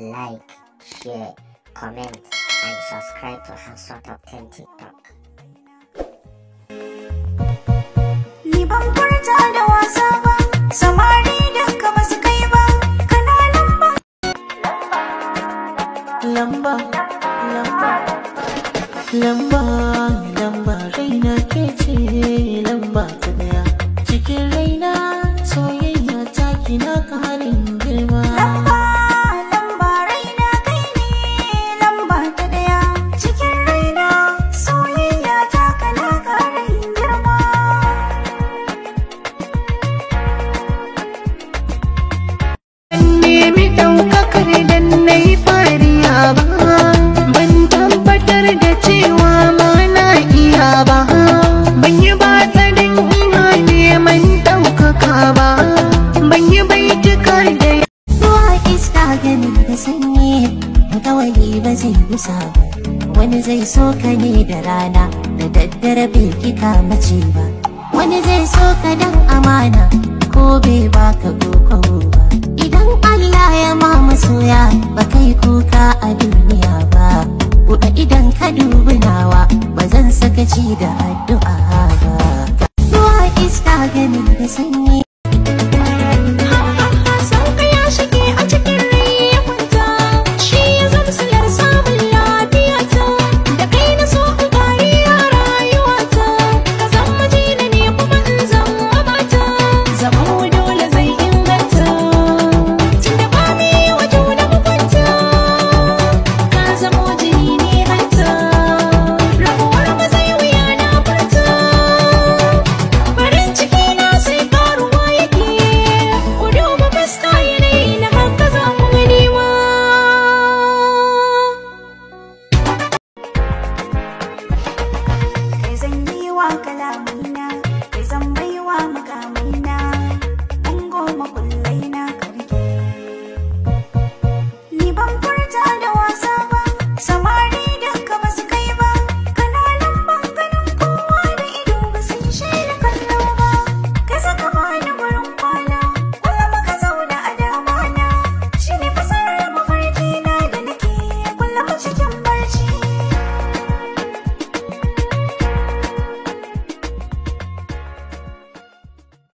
like, share, comment and subscribe to Hausa Top 10 TikTok. da wasa ba, samari duka ba kai ba, kananan Lamba, lamba, lamba, lamba, raina ke ce lamba ta daya. Cikin raina soyayya ta na karin cewa ma na iya ba ban yi ba tsarin ina neman ɗaukaka ba ban yi baitukar da ya zuwa iska ganin da sanyi kawai ba zai gusa wani zai so ka ne da rana da daddare bai kika mace ba wani zai so ka dan da addu'a ba ruwa iska ganin da sanyi